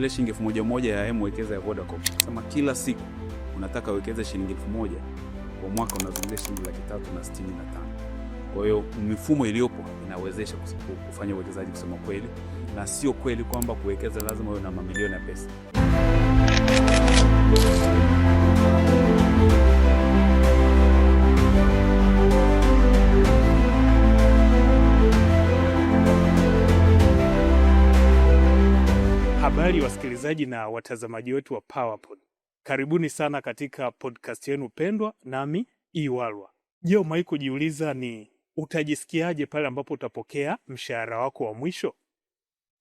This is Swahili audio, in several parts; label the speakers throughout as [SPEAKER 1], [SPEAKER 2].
[SPEAKER 1] ile shilingi elfu moja moja ya mwekeza wekeza ya Vodacom. Kama kila siku unataka wekeza shilingi elfu moja kwa mwaka unazungumzia shilingi laki tatu na sitini na tano. Kwa hiyo mifumo iliyopo inawezesha kufanya uwekezaji kusema kweli, na sio kweli kwamba kuwekeza lazima uwe na mamilioni ya pesa.
[SPEAKER 2] Habari wasikilizaji na watazamaji wetu wa PowerPod, karibuni sana katika podcast yenu pendwa, nami Iwalwa. Je, umewahi kujiuliza ni utajisikiaje pale ambapo utapokea mshahara wako wa mwisho?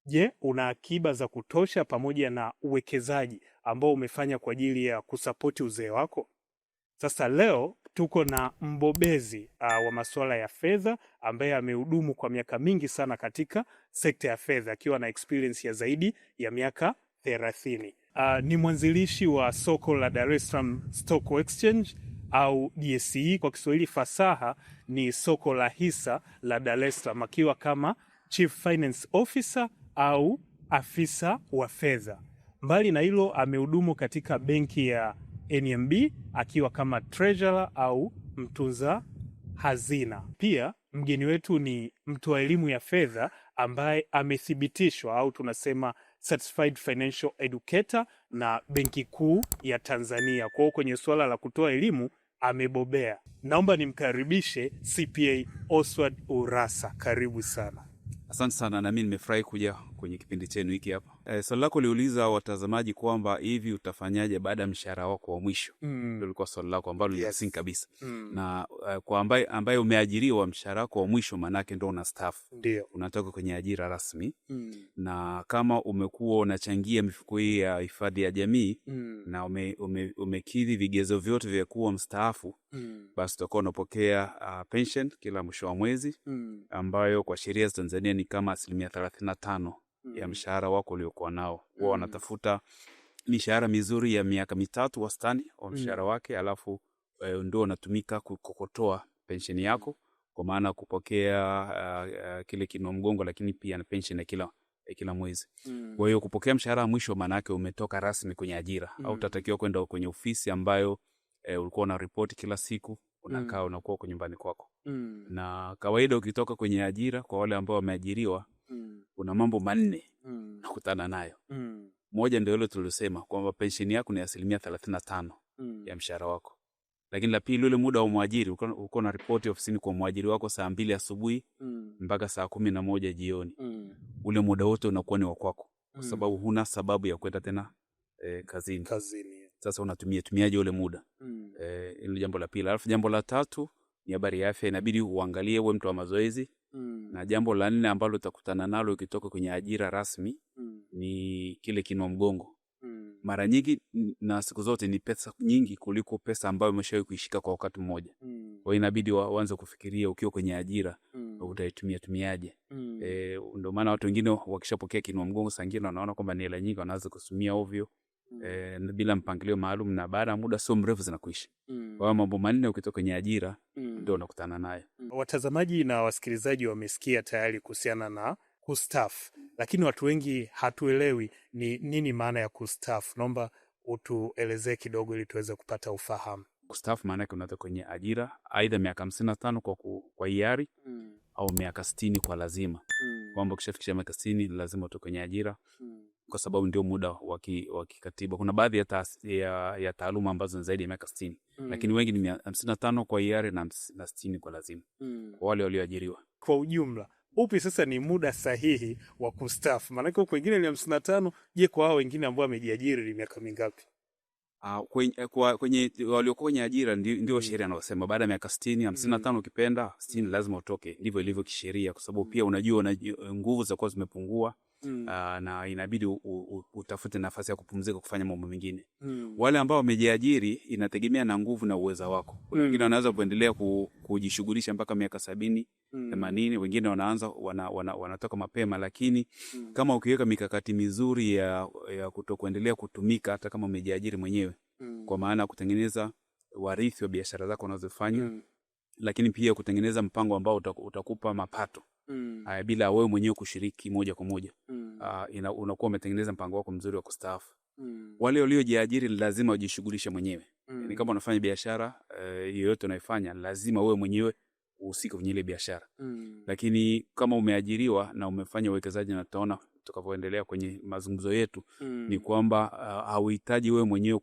[SPEAKER 2] Je, una akiba za kutosha pamoja na uwekezaji ambao umefanya kwa ajili ya kusapoti uzee wako? Sasa leo tuko na mbobezi uh, wa masuala ya fedha ambaye amehudumu kwa miaka mingi sana katika sekta ya fedha akiwa na experience ya zaidi ya miaka thelathini. Uh, ni mwanzilishi wa soko la Dar es Salaam Stock Exchange au DSE kwa Kiswahili fasaha ni soko la hisa la Dar es Salaam, akiwa kama Chief Finance Officer au afisa wa fedha. Mbali na hilo, amehudumu katika benki ya NMB akiwa kama treasurer au mtunza hazina. Pia mgeni wetu ni mtu wa elimu ya fedha ambaye amethibitishwa au tunasema certified financial educator na Benki Kuu ya Tanzania. Kwa hiyo kwenye suala la kutoa elimu amebobea. Naomba nimkaribishe CPA Oswald Urassa, karibu sana.
[SPEAKER 3] Asante sana, nami nimefurahi kuja kwenye kipindi chenu hiki hapa. E, swali lako uliuliza watazamaji kwamba hivi utafanyaje baada ya mshahara wako wa mwisho? Mm. Lilikuwa swali lako ambalo yes, linasinki kabisa. Mm. Na uh, kwa ambaye, ambaye umeajiriwa mshahara wako wa mwisho maanake ndo una staff. Ndio. Unatoka kwenye ajira rasmi. Mm. Na kama umekuwa unachangia mifuko hii ya hifadhi ya jamii mm, na ume, ume, umekidhi vigezo vyote vya kuwa mstaafu mm, basi utakuwa unapokea uh, pension kila mwisho wa mwezi mm, ambayo kwa sheria za Tanzania ni kama asilimia thelathini na tano mm. ya mshahara wako uliokuwa nao mm. wanatafuta mishahara mizuri ya miaka mitatu wastani wa mm. mshahara mm. wake, alafu e, ndio unatumika kukokotoa pensheni yako, kwa maana kupokea uh, uh, kile kina mgongo, lakini pia na pensheni ya kila kila mwezi. Mm. Kwa hiyo kupokea mshahara wa mwisho maana yake umetoka rasmi kwenye ajira mm. au utatakiwa kwenda kwenye ofisi ambayo e, ulikuwa una ripoti kila siku unakaa mm. unakuwa kwa nyumbani kwako mm. na kawaida ukitoka kwenye ajira kwa wale ambao wameajiriwa mm. una mambo manne mm. nakutana nayo mm. moja ndio hilo tulisema kwamba pensheni yako ni asilimia thelathini na tano mm. ya mshahara wako lakini la pili ule muda wa mwajiri uko na ripoti ofisini kwa mwajiri wako saa mbili asubuhi mm. mpaka saa kumi na moja jioni mm. ule muda wote unakuwa ni wakwako kwa mm. sababu huna sababu ya kwenda tena eh, kazini, kazini. Sasa unatumia tumiaje ule muda mm. Eh, hilo jambo la pili. Alafu jambo la tatu ni habari ya afya, inabidi uangalie uwe mtu wa mazoezi mm. na jambo la nne ambalo utakutana nalo ukitoka kwenye ajira rasmi mm. ni kile kinwa mgongo mm. mara nyingi na siku zote ni pesa nyingi kuliko pesa ambayo umeshawai kuishika kwa wakati mmoja mm. kwao inabidi uanze kufikiria ukiwa kwenye ajira mm. utaitumia tumiaje mm. Eh, ndio maana watu wengine wakishapokea kinwa mgongo sangine wanaona kwamba ni hela nyingi, wanaweza kusumia ovyo mm. e, bila mpangilio maalum na baada ya muda sio mrefu zinakuisha. Mm. Kwa mambo manne ukitoka kwenye ajira mm. ndio unakutana
[SPEAKER 2] mm. Watazamaji na wasikilizaji wamesikia tayari kuhusiana na kustaf lakini watu wengi hatuelewi ni nini maana ya kustaf Naomba utuelezee kidogo ili tuweze kupata ufahamu.
[SPEAKER 3] kustaf maana yake unatoka kwenye ajira aidha miaka hamsini na tano kwa, iari hiari mm. au miaka sitini kwa lazima mm. kwamba ukishafikisha miaka sitini lazima utoe kwenye ajira mm kwa sababu ndio muda wa kikatiba. Kuna baadhi ya, ya, ya taaluma ambazo ni zaidi ya miaka sitini mm. lakini wengi ni hamsini na tano kwa hiari na sitini kwa lazima mm. kwa wale walioajiriwa
[SPEAKER 2] kwa ujumla upi sasa ni muda sahihi wa kustaafu? Maanake huko wengine ni hamsini na tano. Je, kwa hao wengine ambao wamejiajiri ni miaka mingapi?
[SPEAKER 3] Uh, ah, kwenye, eh, kwa, kwenye waliokuwa kwenye ajira ndio, ndio mm. sheria anayosema baada ya miaka sitini, hamsini na mm. tano ukipenda sitini lazima utoke. Ndivyo ilivyo kisheria, kwa sababu mm. pia unajua, unajua nguvu za kuwa zimepungua mm. uh, na inabidi u, u, utafute nafasi ya kupumzika kufanya mambo mengine mm. Wale ambao wamejiajiri inategemea na nguvu na uweza wako. wengine mm. wanaweza kuendelea ku, kujishughulisha mpaka miaka sabini mm. themanini mm. wengine wanaanza wana, wana, wanatoka mapema, lakini mm. kama ukiweka mikakati mizuri ya, ya kutokuendelea kutumika hata kama umejiajiri mwenyewe mm. kwa maana ya kutengeneza warithi wa biashara zako wanazofanya mm lakini pia kutengeneza mpango ambao utakupa mapato mm. uh, bila wewe mwenyewe kushiriki moja kwa moja mm. uh, unakuwa umetengeneza mpango wako mzuri wa kustaafu mm. Wale waliojiajiri lazima wajishughulishe mwenyewe mm. Ni yaani kama unafanya biashara yoyote, uh, unaifanya lazima wewe mwenyewe uhusike kwenye ile biashara mm. Lakini kama umeajiriwa na umefanya uwekezaji na tutaona tukapoendelea kwenye mazungumzo yetu mm. Ni kwamba uh, hauhitaji wewe mwenyewe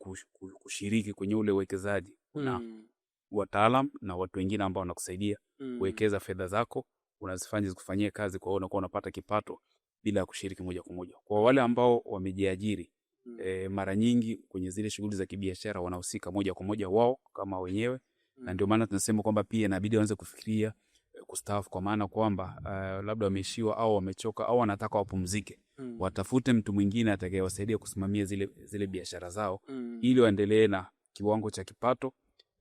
[SPEAKER 3] kushiriki kwenye ule uwekezaji mm wataalam na watu wengine ambao wanakusaidia mm. kuwekeza fedha zako unazifanya zikufanyie kazi, kwa hiyo unakuwa unapata kipato bila ya kushiriki moja kwa moja. Kwa wale ambao wamejiajiri mm. e, mara nyingi kwenye zile shughuli za kibiashara wanahusika moja kwa moja wao kama wenyewe mm. na ndio maana tunasema kwamba pia inabidi waanze kufikiria eh, kustaafu kwa maana kwamba uh, labda wameishiwa au wamechoka au wanataka wapumzike mm. watafute mtu mwingine atakayewasaidia kusimamia zile, zile biashara zao mm. ili waendelee na kiwango cha kipato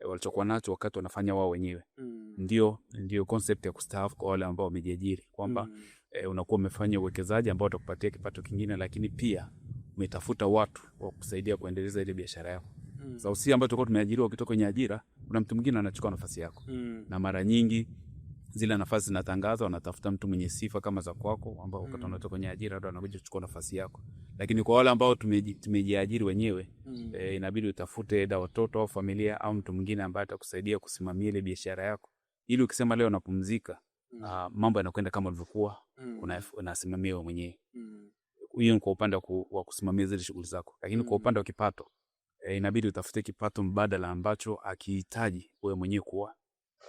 [SPEAKER 3] walichokuwa nacho wakati wanafanya wao wenyewe mm. Ndio, ndio concept ya kustaafu kwa wale ambao wamejiajiri kwamba mm. eh, unakuwa umefanya uwekezaji ambao utakupatia kipato kingine, lakini pia umetafuta watu wa kusaidia kuendeleza ile biashara yako mm. Sasa usi ambao tulikuwa tumeajiriwa, ukitoka kwenye ajira kuna mtu mwingine anachukua nafasi yako mm. na mara nyingi zile nafasi zinatangaza wanatafuta mtu mwenye sifa kama za kwako, ambao wakati mm. unatoka kwenye ajira ndo anakuja kuchukua nafasi yako lakini kwa wale ambao tumejiajiri wenyewe mm. E, inabidi utafute da watoto au familia au mtu mwingine ambaye atakusaidia kusimamia ile biashara yako, ili ukisema leo napumzika mm. uh, mambo yanakwenda kama ulivyokuwa mm. unasimamia wewe mwenyewe mm. Hiyo ni kwa upande wa kusimamia zile shughuli zako, lakini mm. kwa upande wa kipato e, inabidi utafute kipato mbadala ambacho akihitaji wewe mwenyewe kuwa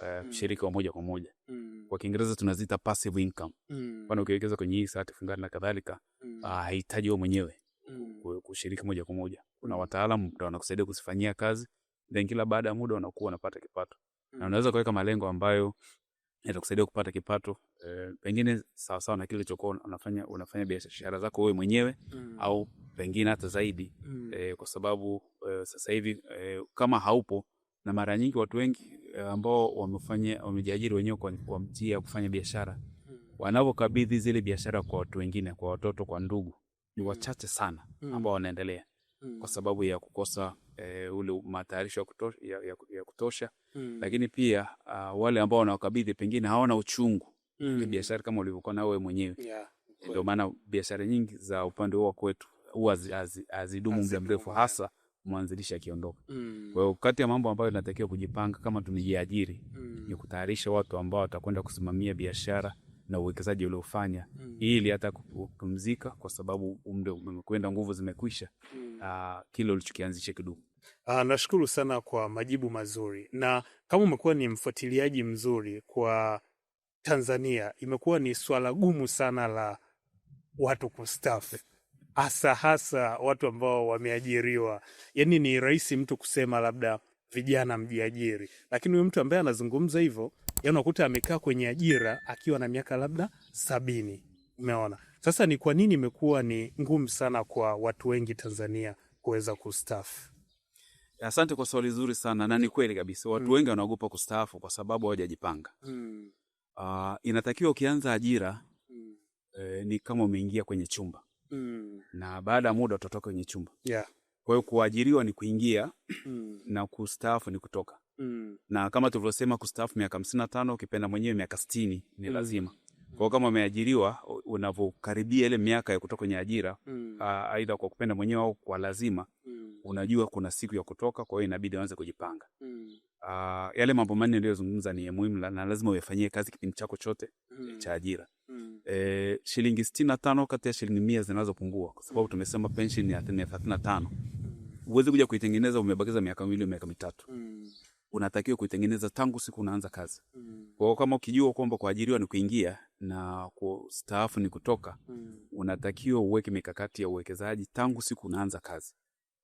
[SPEAKER 3] uh, eh, mshirika mm. wa moja kwa moja mm. Kwa Kiingereza tunaziita passive income mm. Kwani ukiwekeza kwenye hii sati fungana na kadhalika mm. Ah, hahitaji uh, wewe mwenyewe mm. kushiriki moja kwa moja, kuna mm. wataalamu ndio wanakusaidia kuzifanyia kazi, then kila baada ya muda unakuwa unapata kipato mm. na unaweza kuweka malengo ambayo yatakusaidia kupata kipato eh, pengine sawa sawa na kile chokuwa unafanya, unafanya biashara zako wewe mwenyewe mm. au pengine hata zaidi mm. eh, kwa sababu eh, sasa hivi eh, kama haupo na mara nyingi watu wengi eh, ambao wamefanya wamejiajiri wenyewe kwa, kwa njia ya kufanya biashara hmm. wanavyokabidhi zile biashara kwa watu wengine, kwa watoto, kwa ndugu, ni hmm. wachache sana hmm. ambao wanaendelea kwa sababu ya kukosa e, ule matayarisho ya, ya, ya kutosha Lakini pia uh, wale ambao wanawakabidhi pengine hawana uchungu ile biashara kama ulivyokuwa na wewe mwenyewe yeah. Ndio maana biashara nyingi za upande huo kwetu huwa hazidumu muda mrefu, hasa mwanzilishi akiondoka. Mm. Kwa hiyo kati ya mambo ambayo tunatakiwa kujipanga kama tumejiajiri mm. ni kutayarisha watu ambao watakwenda kusimamia biashara na uwekezaji uliofanya mm. ili hata kupumzika kwa sababu umde umekwenda, nguvu zimekwisha mm. uh, kile ulichokianzisha kidogo.
[SPEAKER 2] Uh, ah, nashukuru sana kwa majibu mazuri, na kama umekuwa ni mfuatiliaji mzuri kwa Tanzania, imekuwa ni swala gumu sana la watu kustaafu hasa hasa watu ambao wameajiriwa. Yani ni rahisi mtu kusema labda vijana mjiajiri, lakini huyu mtu ambaye anazungumza hivyo, yani unakuta amekaa kwenye ajira akiwa na miaka labda sabini. Umeona sasa ni kwa nini imekuwa ni ngumu sana kwa watu wengi Tanzania kuweza kustafu
[SPEAKER 3] Asante kwa swali zuri sana, na ni kweli kabisa watu mm. wengi wanaogopa kustaafu kwa sababu hawajajipanga mm. Uh, inatakiwa ukianza ajira mm. eh, ni kama umeingia kwenye chumba Mm. na baada ya muda utatoka kwenye chumba yeah. Kwa hiyo kuajiriwa ni kuingia mm. na kustaafu ni kutoka mm. na kama tulivyosema kustaafu miaka hamsini na tano ukipenda mwenyewe miaka sitini ni mm. lazima kwa hiyo kama umeajiriwa, unavyokaribia ile miaka ya kutoka kwenye ajira mm. aidha kwa kupenda mwenyewe au kwa lazima mm. unajua kuna siku ya kutoka, kwa hiyo inabidi uanze kujipanga mm. yale mambo manne niliyozungumza ni muhimu na lazima uyafanyie kazi kipindi chako chote mm. cha ajira e, shilingi sitini na tano kati ya shilingi mia zinazopungua kwa sababu tumesema pensheni ya thelathini na tano huwezi kuja kuitengeneza umebakiza miaka miwili miaka mitatu mm. unatakiwa kuitengeneza tangu siku unaanza kazi mm. kwao kama ukijua kwamba kuajiriwa ni kuingia na kustaafu ni kutoka mm. unatakiwa uweke mikakati ya uwekezaji tangu siku unaanza kazi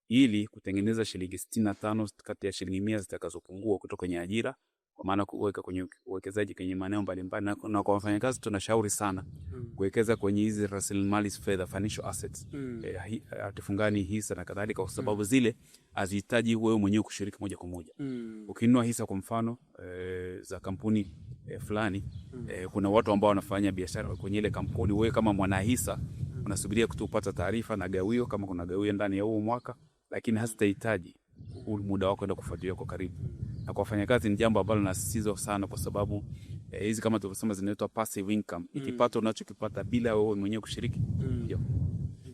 [SPEAKER 3] ili kutengeneza shilingi sitini na tano kati ya shilingi mia zitakazopungua kutoka kwenye ajira kwa maana kuweka kwenye uwekezaji kwenye maeneo mbalimbali na, na kwa wafanyakazi tunashauri sana mm. kuwekeza kwenye hizi rasilimali fedha financial assets mm. eh, hi, hatifungani hisa na kadhalika kwa sababu mm. zile hazihitaji wewe mwenyewe kushiriki moja kwa moja mm. ukinunua hisa kwa mfano eh, za kampuni eh, fulani mm. eh, kuna watu ambao wanafanya biashara kwenye ile kampuni, wewe kama mwanahisa mm. unasubiria kutupata taarifa na gawio kama kuna gawio ndani ya huo mwaka, lakini hazitahitaji mm. muda wako enda kufuatilia kwa karibu mm na kwa wafanyakazi ni jambo ambalo linasisitizwa sana kwa sababu eh, hizi eh, kama tulivyosema zinaitwa passive income mm. Ikipata unachokipata bila wewe mwenyewe kushiriki mm.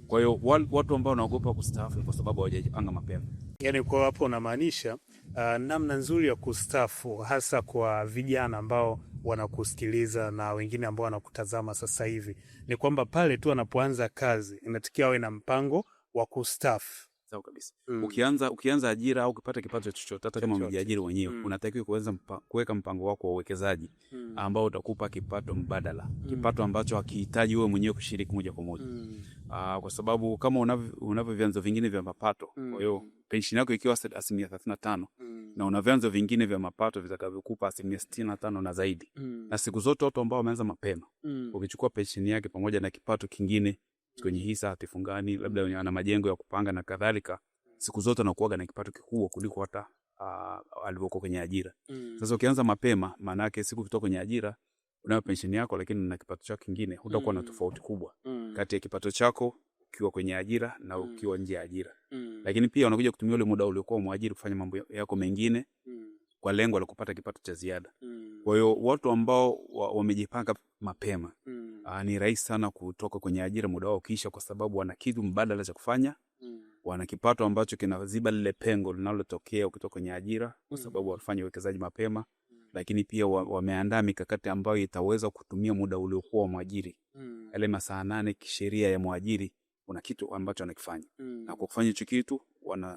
[SPEAKER 3] Kwa hiyo watu ambao wanaogopa kustaafu kwa sababu hawajapanga mapema.
[SPEAKER 2] Yaani kwa hapo unamaanisha uh, namna nzuri ya kustaafu hasa kwa vijana ambao wanakusikiliza na wengine ambao wanakutazama sasa hivi ni kwamba pale tu anapoanza kazi inatakiwa awe na mpango wa kustaafu
[SPEAKER 3] zao kabisa mm. Ukianza ukianza ajira au ukipata kipato chochote, hata kama umejiajiri mwenyewe mm. unatakiwa kuweza mpa, kuweka mpango wako wa uwekezaji mm. ambao utakupa kipato mbadala mm. kipato ambacho hakihitaji wewe mwenyewe kushiriki moja kwa moja mm. Aa, ah, kwa sababu kama unavyo vyanzo vingine vya mapato mm. kwa hiyo pensheni yako ikiwa asilimia thelathini na tano mm. na una vyanzo vingine vya mapato vitakavyokupa asilimia sitini na tano na zaidi mm. na siku zote watu ambao wameanza mapema mm. ukichukua pensheni yake pamoja na kipato kingine kwenye hisa hatifungani, labda mm. ana majengo ya kupanga na kadhalika, siku zote anakuaga na kipato kikubwa kuliko hata uh, alivyokuwa kwenye ajira mm. Sasa ukianza mapema, maana yake siku kutoka kwenye ajira unayo pensheni yako, lakini na kipato chako kingine hutakuwa mm. na tofauti kubwa mm. kati ya kipato chako ukiwa kwenye ajira na mm. ukiwa nje ya ajira mm. Lakini pia unakuja kutumia ule muda uliokuwa mwajiri kufanya mambo yako mengine mm. kwa lengo la kupata kipato cha ziada mm. Kwa hiyo watu ambao wamejipanga mapema mm uh, ni rahisi sana kutoka kwenye ajira muda wao ukiisha, kwa sababu wana kitu mbadala cha kufanya mm. Wana kipato ambacho kinaziba lile pengo linalotokea ukitoka kwenye ajira, kwa mm. sababu walifanya uwekezaji mapema mm. lakini pia wameandaa mikakati ambayo itaweza kutumia muda uliokuwa wa mwajiri mm. Yale masaa nane kisheria ya mwajiri, kuna kitu ambacho wanakifanya mm. na kwa kufanya hicho kitu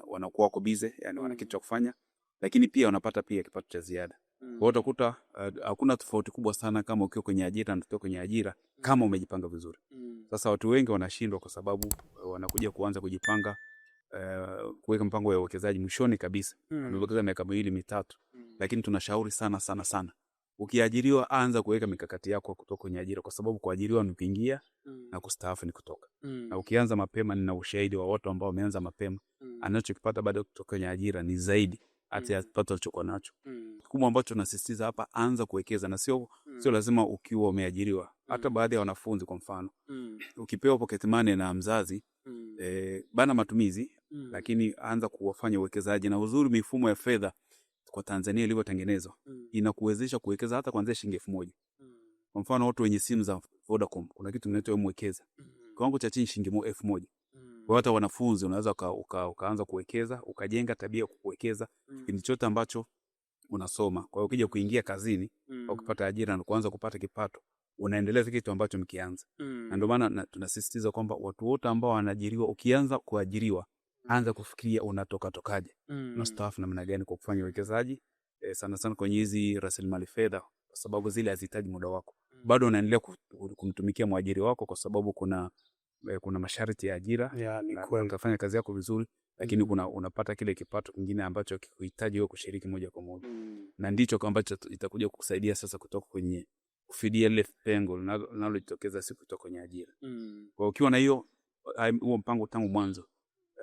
[SPEAKER 3] wanakuwa wako bize yani mm. wana kitu mm. cha kufanya, lakini pia wanapata pia kipato cha ziada mm. Kwa hiyo utakuta eh, hakuna uh, tofauti kubwa sana kama ukiwa kwenye ajira na ukiwa kwenye ajira, kama umejipanga vizuri. mm. Sasa watu wengi wanashindwa kwa sababu eh, wanakuja kuanza kujipanga uh, kuweka mpango ya uwekezaji mwishoni kabisa. Umewekeza mm. miaka miwili mitatu, mm. lakini tunashauri sana sana sana Ukiajiriwa anza kuweka mikakati yako kutoka kwenye ajira, kwa sababu kuajiriwa ni kuingia mm. na kustaafu ni kutoka mm. na ukianza mapema, nina ushahidi wa watu ambao wameanza mapema mm. anachokipata baada ya kutoka kwenye ajira ni zaidi mm. hata ya kipato alichokuwa nacho mm. Kikubwa ambacho tunasisitiza hapa, anza kuwekeza na sio mm. sio lazima ukiwa umeajiriwa hata mm. baadhi ya wanafunzi kwa mfano mm. ukipewa pocket money na mzazi mm. eh, bana matumizi mm. lakini anza kuwafanya uwekezaji, na uzuri mifumo ya fedha kwa Tanzania ilivyotengenezwa mm. inakuwezesha kuwekeza hata kuanzia shilingi elfu moja mm. kwa mfano watu wenye simu za Vodacom kuna kitu kinaitwa mwekeza mm. kiwango cha chini shilingi elfu moja mm. kwa hata wanafunzi unaweza uka, uka, ukaanza kuwekeza ukajenga tabia ya kuwekeza mm. kipindi chote ambacho unasoma. Kwa hiyo ukija kuingia kazini mm. au kupata ajira na kuanza kupata kipato unaendeleza kitu ambacho mkianza mm. na ndio mm. maana tunasisitiza kwamba watu wote ambao wanaajiriwa, ukianza kuajiriwa anza mm. kufikiria unatoka tokaje, mm. unastaafu namna gani kwa kufanya uwekezaji e, sana sana kwenye hizi rasilimali fedha, kwa sababu zile hazihitaji muda wako mm. bado unaendelea kumtumikia mwajiri wako, kwa sababu kuna e, kuna masharti ya ajira unafanya kazi yako vizuri, lakini mm. kuna, unapata kile kipato kingine ambacho kikuhitaji wewe kushiriki moja kwa moja mm. na ndicho ambacho itakuja kukusaidia sasa kutoka kwenye kufidia lile pengo linalojitokeza siku kutoka kwenye ajira. Mm. Kwa ukiwa na hiyo huo mpango tangu mwanzo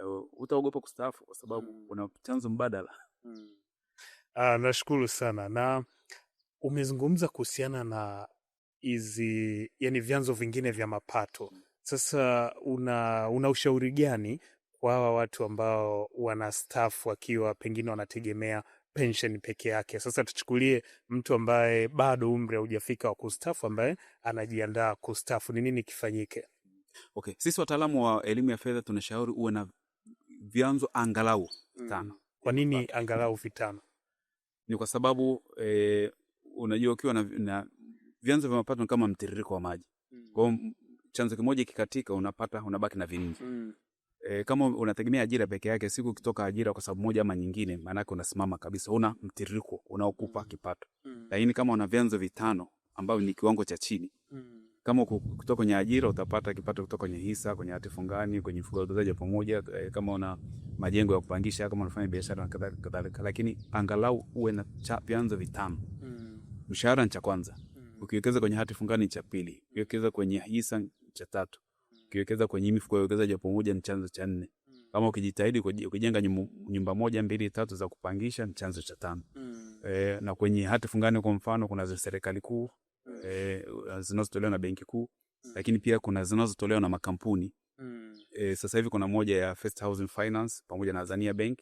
[SPEAKER 3] eh, utaogopa kustaafu kwa sababu mm. una chanzo mbadala. Mm.
[SPEAKER 2] Ah, nashukuru sana na umezungumza kuhusiana na hizi yani vyanzo vingine vya mapato. Mm. Sasa una, una ushauri gani kwa hawa watu ambao wana staff wakiwa pengine wanategemea pension peke yake. Sasa tuchukulie mtu ambaye bado umri haujafika wa kustafu, ambaye anajiandaa kustafu, ni nini kifanyike?
[SPEAKER 3] Okay, sisi wataalamu wa elimu ya fedha tunashauri uwe na vyanzo angalau mm. vitano. Mm.
[SPEAKER 2] Kwa nini angalau vitano?
[SPEAKER 3] Ni kwa sababu e, unajua ukiwa na, na vyanzo vya mapato kama mtiririko wa maji. Mm. Kwa chanzo kimoja kikatika, unapata unabaki na vingi. Mm. E, kama unategemea ajira peke yake, siku ukitoka ajira kwa sababu moja ama nyingine, maana yake unasimama kabisa, una mtiririko unaokupa mm. kipato. mm. Lakini kama una vyanzo vitano ambavyo ni kiwango cha chini, mm. kama kutoka kwenye ajira utapata kipato kutoka kwenye hisa, kwenye hati fungani, kwenye mfuko wa uwekezaji pamoja, eh, kama una majengo ya kupangisha, kama unafanya biashara na kadhalika, lakini angalau uwe na vyanzo vitano. mm. Mshahara ni cha kwanza, mm. ukiwekeza kwenye hati fungani cha pili, ukiwekeza kwenye hisa cha tatu ukiwekeza kwenye mifuko ya uwekezaji moja ni chanzo cha nne. Mm. Kama ukijitahidi ukijenga nyumba moja mbili tatu za kupangisha ni chanzo cha tano. E, na kwenye hati fungani kwa mfano kuna za serikali kuu e, zinazotolewa na benki kuu lakini pia kuna zinazotolewa na makampuni e, sasa hivi kuna moja ya First Housing Finance pamoja na Azania Bank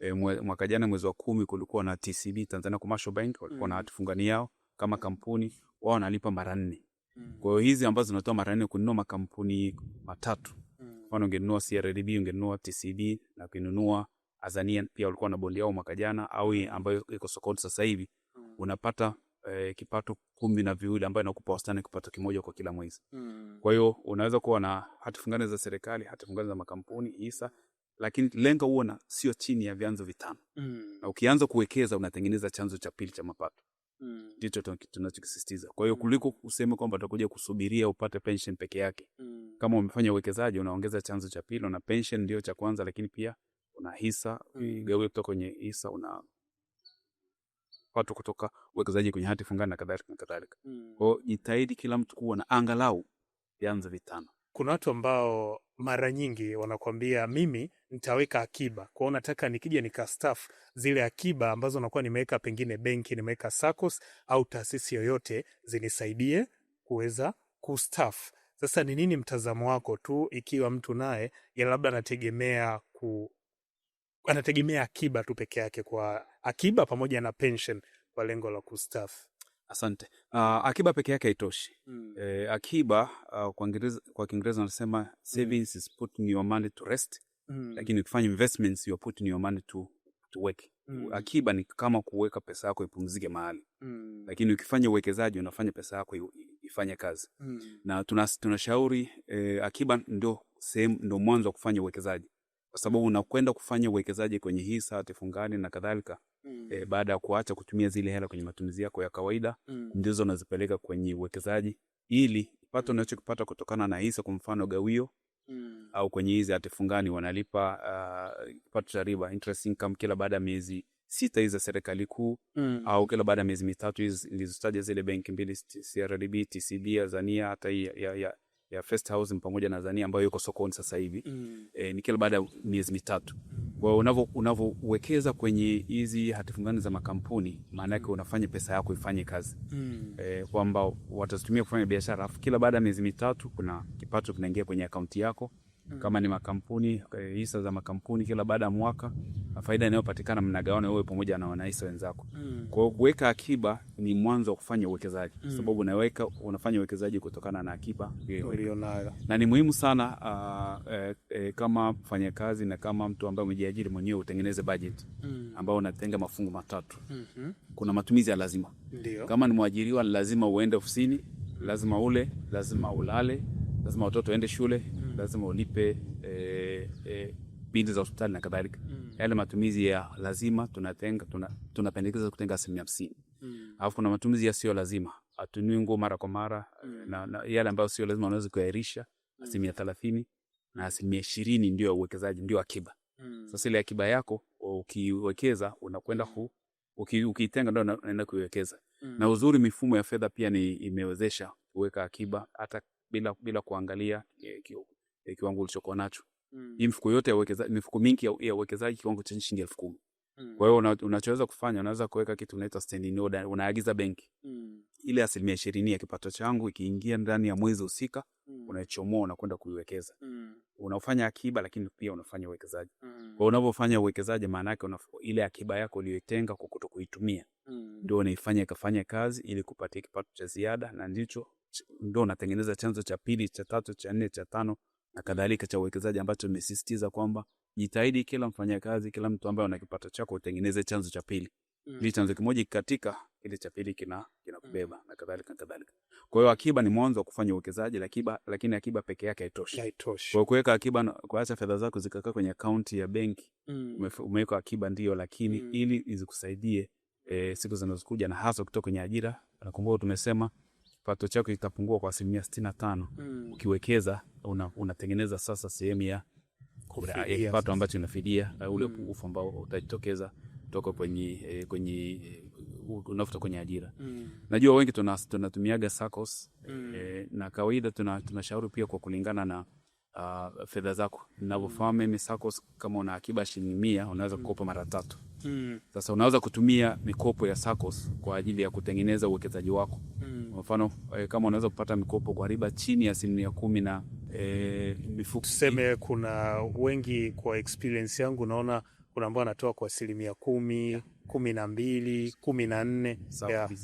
[SPEAKER 3] e, mwaka jana mwezi wa kumi kulikuwa na TCB Tanzania Commercial Bank walikuwa na hati fungani yao kama kampuni wao wanalipa mara nne Mm. Kwa hiyo hizi ambazo zinatoa mara nne kununua makampuni matatu. Mm. Mfano mm. ungenunua CRDB, ungenunua TCB na kununua Azania pia walikuwa na bondi yao mwaka jana au mm. ambayo iko sokoni sasa hivi unapata eh, kipato kumi na viwili ambayo inakupa wastani kipato kimoja kwa kila mwezi. Kwa hiyo unaweza kuwa na hati fungani za serikali, hati fungani za makampuni, hisa lakini lenga huo sio chini ya vyanzo vitano. Mm. Na ukianza kuwekeza unatengeneza chanzo cha pili cha mapato. Mm. ndicho mm. tunachokisistiza Kwa hiyo mm. kuliko kusema kwamba utakuja kusubiria upate pension peke yake mm. kama umefanya uwekezaji unaongeza chanzo cha pili, na pension ndio cha kwanza, lakini pia una hisa mm. gawe kutoka kwenye hisa una watu kutoka uwekezaji kwenye hati fungani na kadhalika na kadhalika. Mm. Kwa hiyo jitahidi kila mtu kuwa na angalau vyanzo vitano.
[SPEAKER 2] Kuna watu ambao mara nyingi wanakwambia mimi nitaweka akiba kwao, nataka nikija nikastaf zile akiba ambazo nakuwa nimeweka pengine benki, nimeweka SACCOS au taasisi yoyote zinisaidie kuweza kustaf Sasa ni nini mtazamo wako tu, ikiwa mtu naye ya labda anategemea ku anategemea akiba tu peke yake, kwa akiba pamoja na pension kwa lengo la kustaafu?
[SPEAKER 3] Asante. Uh, akiba peke yake haitoshi. Mm. Eh, akiba uh, kwa Kiingereza wanasema hmm. savings is putting your money to rest. Mm. Lakini ukifanya investments you are putting your money to to work. Mm. Akiba ni kama kuweka pesa yako ipumzike mahali. Mm. Lakini ukifanya uwekezaji unafanya pesa yako ifanye kazi. Mm. Na tunashauri eh, akiba ndio sehemu ndo mwanzo wa kufanya uwekezaji. Kwa sababu unakwenda kufanya uwekezaji kwenye hisa, hatifungani na kadhalika mm. E, baada ya kuacha kutumia zile hela kwenye matumizi yako ya kawaida mm. ndizo unazipeleka kwenye uwekezaji ili kipato unachokipata mm. kutokana na hisa, kwa mfano gawio mm. au kwenye hizi hatifungani wanalipa ah, kipato uh, cha riba interest income kila baada ya miezi sita hizi za serikali kuu mm. au kila baada ya miezi mitatu hizi ilizotaja zile benki mbili, CRDB, TCB, Azania, hata hii ya, ya, ya ya First House pamoja na Zania ambayo yuko sokoni sasa hivi mm. E, ni kila baada ya miezi mitatu. Kwa hiyo unavyo unavyowekeza kwenye hizi hatifungani za makampuni, maana yake mm. unafanya pesa yako ifanye kazi mm. E, kwamba watazitumia kufanya biashara, alafu kila baada ya miezi mitatu kuna kipato kinaingia kwenye akaunti yako Mm. kama ni makampuni eh, hisa za makampuni kila baada ya mwaka, faida inayopatikana mnagawana wewe pamoja na wanahisa wenzako. Mm. Kwa hiyo kuweka akiba ni mwanzo wa kufanya uwekezaji. Mm. Sababu unaweka unafanya uwekezaji kutokana na akiba Na ni muhimu sana uh, eh, eh, kama mfanyakazi na kama mtu ambaye umejiajiri mwenyewe utengeneze budget mm. ambao unatenga mafungu matatu. Mm -hmm. Kuna matumizi ya lazima. Ndiyo. Kama ni mwajiriwa lazima uende ofisini, lazima ule, lazima ulale lazima watoto waende shule mm. lazima ulipe e, eh, e, eh, bili za hospitali na kadhalika mm. yale matumizi ya lazima tunatenga tunapendekeza tuna, kutenga asilimia hamsini mm. alafu kuna matumizi yasiyo lazima atunui nguo mara kwa mara mm. na, na yale ambayo sio lazima unaweza kuairisha mm. asilimia thelathini na asilimia ishirini ndio ya uwekezaji ndio akiba mm. sasa ile akiba yako ukiwekeza unakwenda mm. ku ukiitenga ndo naenda kuiwekeza mm. na uzuri mifumo ya fedha pia ni imewezesha kuweka akiba mm. hata bila, bila kuangalia eh, ki, eh, kiwango ulichokuwa nacho mm. Hii mifuko yote ya uwekezaji, mifuko mingi ya uwekezaji kiwango cha shilingi elfu kumi mm. Kwa hiyo una, unachoweza kufanya unaweza kuweka kitu unaita standing order, unaagiza benki mm. Ile asilimia ishirini ya kipato changu ikiingia ndani ya mwezi husika mm. unaichomoa unakwenda kuiwekeza mm. Unafanya akiba lakini pia unafanya uwekezaji mm. Kwa unavyofanya uwekezaji, maana yake ile akiba yako uliyoitenga kwa kutokuitumia mm. ndio unaifanya ikafanya kazi ili kupatia kipato cha ziada na ndicho ndo unatengeneza chanzo cha pili, cha tatu, cha nne, cha tano na kadhalika cha uwekezaji, ambacho nimesisitiza kwamba jitahidi kila mfanyakazi, kila mtu ambaye ana kipato chako utengeneze chanzo cha pili. Mm. ili Mm. chanzo kimoja kikatika, ile cha pili kina kinakubeba mm. na kadhalika kadhalika. Kwa hiyo akiba ni mwanzo wa kufanya uwekezaji, akiba lakini akiba peke yake haitoshi. Haitoshi. Kwa kuweka akiba na kuacha fedha zako zikakaa kwenye akaunti ya benki, mm. umeweka akiba ndio, lakini mm. ili izikusaidie e, eh, siku zinazokuja na hasa kutoka kwenye ajira. Nakumbuka tumesema pato chako kitapungua kwa asilimia sitini na tano mm. Ukiwekeza una, unatengeneza sasa sehemu ya kipato ambacho inafidia uh, mm. ule upungufu ambao utajitokeza toka kwenye, eh, kwenye eh, unafuta kwenye ajira mm. Najua wengi tunatumiaga SACCOS mm. eh, na kawaida tunashauri tuna pia kwa kulingana na uh, fedha zako ninavyofahamu mimi SACCOS kama una akiba shilingi mia unaweza kukopa mara tatu Mm. Sasa unaweza kutumia mikopo ya SACCOS kwa ajili ya kutengeneza uwekezaji wako. Mm. Kwa mfano e, kama unaweza kupata mikopo kwa riba chini ya asilimia kumi na e, mifuko.
[SPEAKER 2] Tuseme kuna wengi kwa experience yangu naona kuna ambao anatoa kwa asilimia kumi yeah kumi na mbili kumi na nne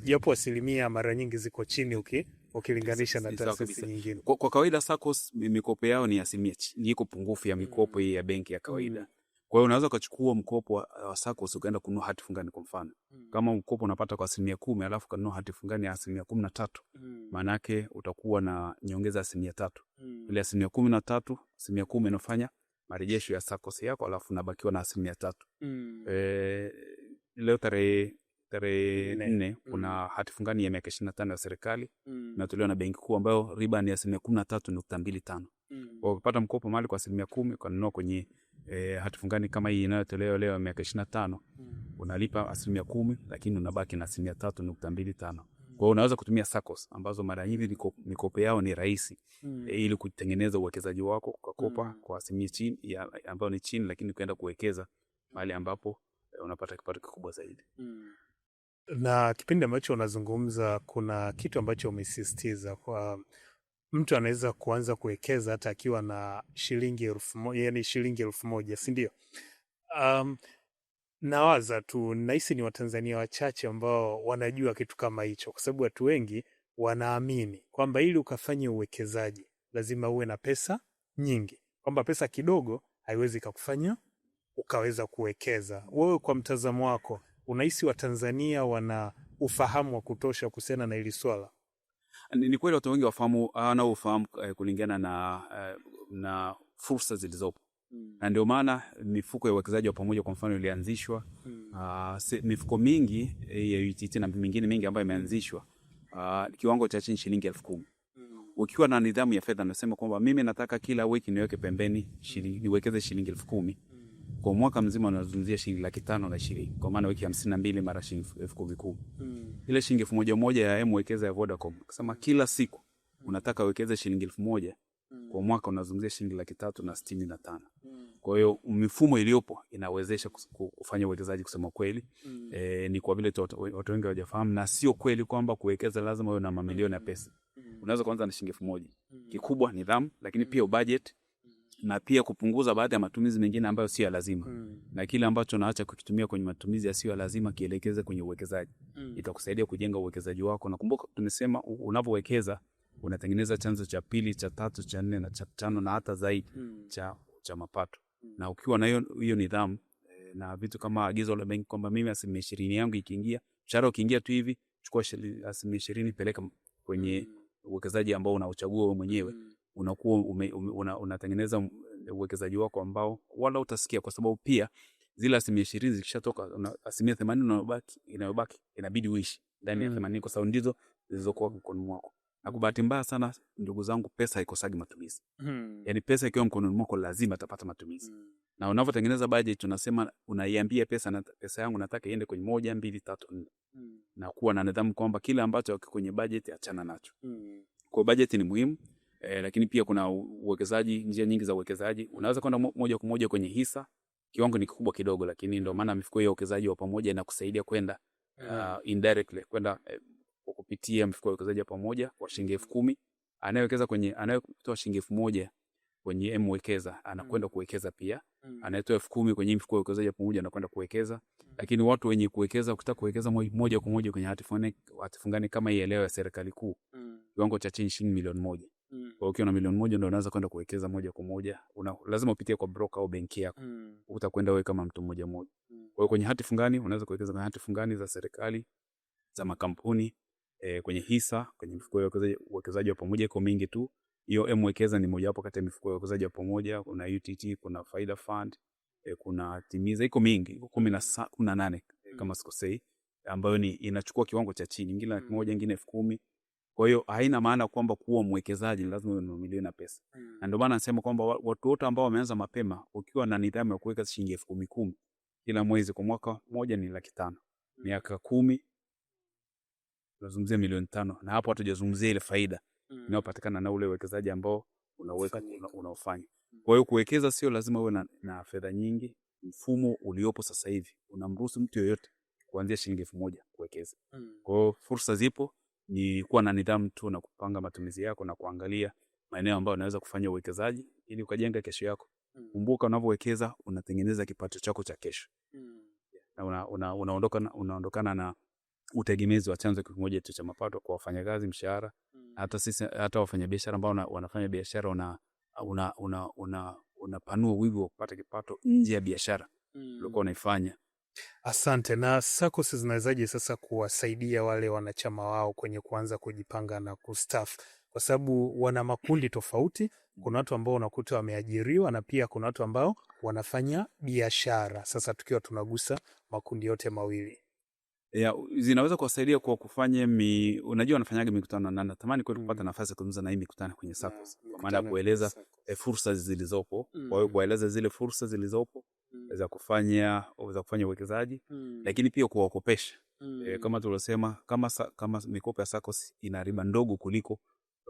[SPEAKER 2] japo asilimia mara nyingi ziko chini uki, ukilinganisha na taasisi nyingine.
[SPEAKER 3] Kwa, kwa kawaida SACCOS mikopo yao ni asilimia iko pungufu ya mikopo mm. hii ya benki ya kawaida mm. Kwa hiyo unaweza ukachukua mkopo wa SACCOS ukaenda kununua hati fungani kwa mfano. Mm. Kama mkopo unapata kwa asilimia kumi alafu kanunua hati fungani ya asilimia kumi na tatu hmm. maana yake utakuwa na nyongeza asilimia tatu. Mm. Ile asilimia kumi na tatu, asilimia kumi inafanya marejesho ya SACCOS yako alafu unabakiwa na asilimia tatu. Mm. Eh, leo tarehe tarehe nne kuna mm. hati fungani ya miaka ishirini na tano ya serikali mm. inatolewa na benki kuu ambayo riba ni asilimia kumi na tatu nukta mbili tano. Hmm. Ukipata mkopo mali kwa asilimia kumi ukanunua kwenye e, hatufungani kama hii inayotolewa leo ya miaka ishirini na tano hmm. unalipa asilimia kumi lakini unabaki na asilimia tatu nukta mbili tano kwa hiyo unaweza kutumia SACCOS ambazo mara nyingi mikopo yao ni rahisi mm. E, ili kutengeneza uwekezaji wako ukakopa mm. kwa asilimia chini ambayo ni chini, lakini ukaenda kuwekeza mahali ambapo e, unapata kipato kikubwa zaidi mm.
[SPEAKER 2] Na kipindi ambacho unazungumza, kuna kitu ambacho umesisitiza kwa mtu anaweza kuanza kuwekeza hata akiwa na shilingi elfu moja yani shilingi elfu moja sindio? Um, nawaza tu, nahisi ni Watanzania wachache ambao wanajua kitu kama hicho, kwa sababu watu wengi wanaamini kwamba ili ukafanye uwekezaji lazima uwe na pesa nyingi, kwamba pesa kidogo haiwezi kakufanya ukaweza kuwekeza. Wewe kwa mtazamo wako, unahisi Watanzania wana ufahamu wa kutosha kuhusiana na hili swala?
[SPEAKER 3] Ni, kweli watu wengi wafahamu wanaofahamu eh, kulingana na eh, na fursa zilizopo mm. na ndio maana mifuko ya uwekezaji wa pamoja kwa mfano ilianzishwa uh, mifuko mingi eh, ya UTT na mingine mingi ambayo imeanzishwa uh, kiwango cha chini shilingi elfu kumi mm. ukiwa na nidhamu ya fedha, nasema kwamba mimi nataka kila wiki niweke pembeni shilingi, niwekeze shilingi elfu kumi kwa mwaka mzima unazungumzia shilingi laki tano na ishirini kwa maana wiki hamsini na mbili mara shilingi elfu kumi kumi mm.
[SPEAKER 1] ile shilingi elfu moja moja ya M Wekeza ya Vodacom kusema kila siku unataka uwekeze shilingi elfu moja mm. kwa mwaka unazungumzia shilingi laki tatu na sitini na tano mm. kwa hiyo mifumo iliyopo inawezesha kufanya uwekezaji kusema kweli mm. E, ni kwa vile watu wengi hawajafahamu na sio kweli kwamba kuwekeza lazima uwe na mamilioni ya mm. pesa mm. unaweza kuanza na shilingi elfu moja mm. kikubwa nidhamu, lakini pia mm. budget na pia kupunguza baadhi ya matumizi mengine ambayo sio ya lazima mm. na kile ambacho naacha kukitumia kwenye matumizi yasiyo ya lazima kielekeze kwenye uwekezaji mm. itakusaidia kujenga uwekezaji wako. Nakumbuka tumesema unavyowekeza unatengeneza chanzo cha pili, cha tatu, cha nne na cha tano na hata zaidi mm. cha, cha mapato mm. na ukiwa na hiyo nidhamu eh, na vitu kama agizo la benki kwamba mimi asilimia ishirini yangu ikiingia, mshahara ukiingia tu hivi, chukua asilimia ishirini peleka kwenye mm. uwekezaji ambao unauchagua wewe mwenyewe mm unakuwa unatengeneza una, unatengeneza uwekezaji wako ambao wala utasikia, kwa sababu pia zile asilimia ishirini zikishatoka, asilimia themanini inayobaki inabidi uishi ndani ya mm. themanini, kwa sababu ndizo zilizokuwa mkononi mwako. Na kwa bahati mbaya sana, ndugu zangu, pesa haikosagi matumizi hmm. Yani pesa ikiwa mkononi mwako lazima itapata matumizi hmm. Na unavyotengeneza bajeti unasema, unaiambia pesa na pesa yangu nataka iende kwenye moja, mbili, tatu, nne hmm. Na kuwa na nidhamu kwamba kile ambacho kwenye bajeti achana nacho hmm. Kwa bajeti ni muhimu E, lakini pia kuna uwekezaji, njia nyingi za uwekezaji. Unaweza kwenda moja kwa moja kwenye hisa, kiwango ni kikubwa kidogo, lakini ndio maana mifuko ya uwekezaji wa pamoja inakusaidia kwenda uh, indirectly kwenda uh, kupitia mifuko ya uwekezaji wa pamoja kwa shilingi elfu kumi anayewekeza kwenye anayetoa shilingi elfu moja kwenye m anakwenda mm. kuwekeza pia, mm. anayetoa elfu kumi kwenye mfuko wa uwekezaji pamoja anakwenda kuwekeza. Mm. Lakini watu wenye kuwekeza, ukitaka kuwekeza moja kwa moja kwenye hatifungani kama hii ya serikali kuu, kiwango cha chini shilingi milioni moja Mm. Kwa ukiwa na milioni moja ndo unaweza kwenda kuwekeza moja kwa moja. Una, lazima upitie kwa broker au benki yako. Mm. Utakwenda wewe kama mtu mmoja mmoja. Mm. Kwa hiyo kwenye hati fungani unaweza kuwekeza kwenye hati fungani za serikali, za makampuni, eh, kwenye hisa, kwenye mifuko ya uwekezaji wa pamoja iko mingi tu. Hiyo Mwekeza ni mojawapo kati ya mifuko ya uwekezaji wa pamoja, kuna UTT, kuna Faida Fund, eh, kuna Timiza, iko mingi, iko kumi na nane eh, kama mm. sikosei, ambayo ni inachukua kiwango cha chini, ingine laki moja, mm. ingine elfu kumi kwa hiyo haina maana kwamba kuwa mwekezaji lazima ununuliwe na pesa. Na mm. ndio maana nasema kwamba watu wote ambao wameanza mapema, ukiwa na nidhamu ya kuweka shilingi elfu kumi kumi kila mwezi kwa mwaka moja ni laki tano, mm. miaka kumi tunazungumzia milioni tano, na hapo hatujazungumzia ile faida mm. inayopatikana na ule uwekezaji ambao unaweka unaofanya. Kwa hiyo kuwekeza sio lazima uwe na, na fedha nyingi. Mfumo uliopo sasa hivi unamruhusu mtu yoyote kuanzia shilingi elfu moja kuwekeza. mm. Kwa hiyo fursa zipo ni kuwa na nidhamu tu na kupanga matumizi yako na kuangalia maeneo ambayo unaweza kufanya uwekezaji ili ukajenga kesho yako. Mm. Kumbuka, unavyowekeza unatengeneza kipato chako cha kesho mm. na una, una, unaondokana, unaondokana na utegemezi wa chanzo kimoja tu cha mapato kwa wafanyakazi, mshahara. Mm. Hata sisi hata wafanyabiashara ambao wanafanya biashara una unapanua una, una, una wigo wa kupata kipato nje ya biashara ulikuwa unaifanya.
[SPEAKER 2] Asante. Na SACCOS zinawezaje sasa kuwasaidia wale wanachama wao kwenye kuanza kujipanga na kustaafu? Kwa sababu wana makundi tofauti. Kuna watu ambao unakuta wameajiriwa na pia kuna watu ambao wanafanya biashara. Sasa tukiwa tunagusa makundi yote mawili
[SPEAKER 3] ya, zinaweza kuwasaidia kwa kufanya mi, unajua wanafanyaga mikutano na natamani kweli kupata mm. nafasi ya kuzungumza na hii mikutano kwenye SACCOS, kwa maana kueleza e, fursa zilizopo mm. kwa hiyo mm. kueleza zile fursa zilizopo mm. za kufanya za kufanya uwekezaji mm. lakini pia kuwakopesha eh, mm. e, kama tulivyosema, kama kama mikopo ya SACCOS ina riba ndogo kuliko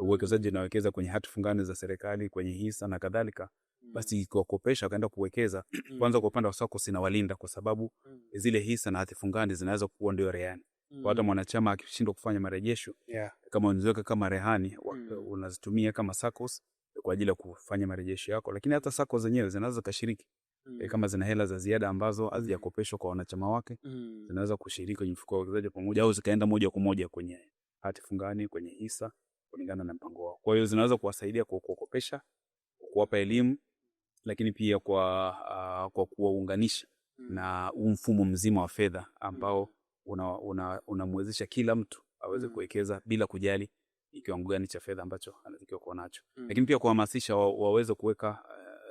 [SPEAKER 3] uwekezaji unawekeza kwenye hati fungani za serikali, kwenye hisa na kadhalika Mm. basi ikiwakopesha wakaenda kuwekeza mm. kwanza, kwa upande wa soko sinawalinda kwa sababu mm. zile hisa na hati fungani zinaweza kuwa ndio rehani kwa hata mwanachama akishindwa kufanya marejesho yeah. kama unaziweka kama rehani mm. unazitumia kama sacos kwa ajili ya kufanya marejesho yako, lakini hata sako zenyewe zinaweza kashiriki e, mm. kama zina hela za ziada ambazo hazijakopeshwa kwa wanachama wake mm. zinaweza kushiriki kwenye mfuko wa uwekezaji pamoja au zikaenda moja kwa moja kwenye hati fungani, kwenye hisa kulingana na mpango wao. Kwa hiyo zinaweza kuwasaidia kwa kuwakopesha, kuwapa elimu lakini pia kwa, uh, kwa kuwaunganisha mm. na huu mfumo mzima wa fedha mm. ambao unamwezesha una, una kila mtu aweze mm. kuwekeza bila kujali kiwango gani cha fedha ambacho anatakiwa kuwa nacho mm. lakini pia kuhamasisha wa, waweze kuweka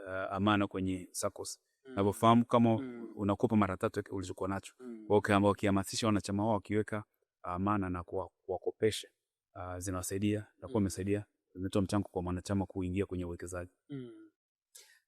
[SPEAKER 3] uh, amana kwenye SACCOS mm. navyofahamu kama mm. unakopa mara tatu ulichokuwa nacho mm. wakihamasisha wanachama wao wakiweka amana na kuwakopesha uh, zinawasaidia na mm. wamesaidia imetoa mchango kwa mwanachama kuingia kwenye uwekezaji mm.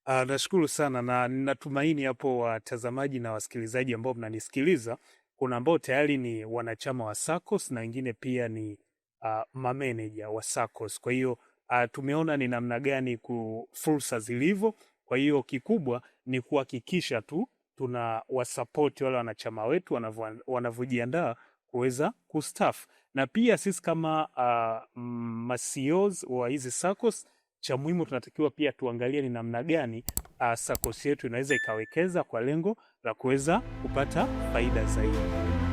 [SPEAKER 3] Uh, nashukuru sana na natumaini hapo watazamaji na wasikilizaji ambao mnanisikiliza kuna ambao tayari ni wanachama wa SACCOS na wengine pia ni uh, mameneja wa SACCOS. Kwa hiyo uh, tumeona ni namna gani ku fursa zilivyo. Kwa hiyo kikubwa ni kuhakikisha tu tuna wasapoti wale wanachama wetu wanavyojiandaa kuweza kustaff, na pia sisi kama uh, masios wa hizi SACCOS cha muhimu tunatakiwa pia tuangalie ni namna gani ah, sakosi yetu inaweza ikawekeza kwa lengo la kuweza kupata faida zaidi.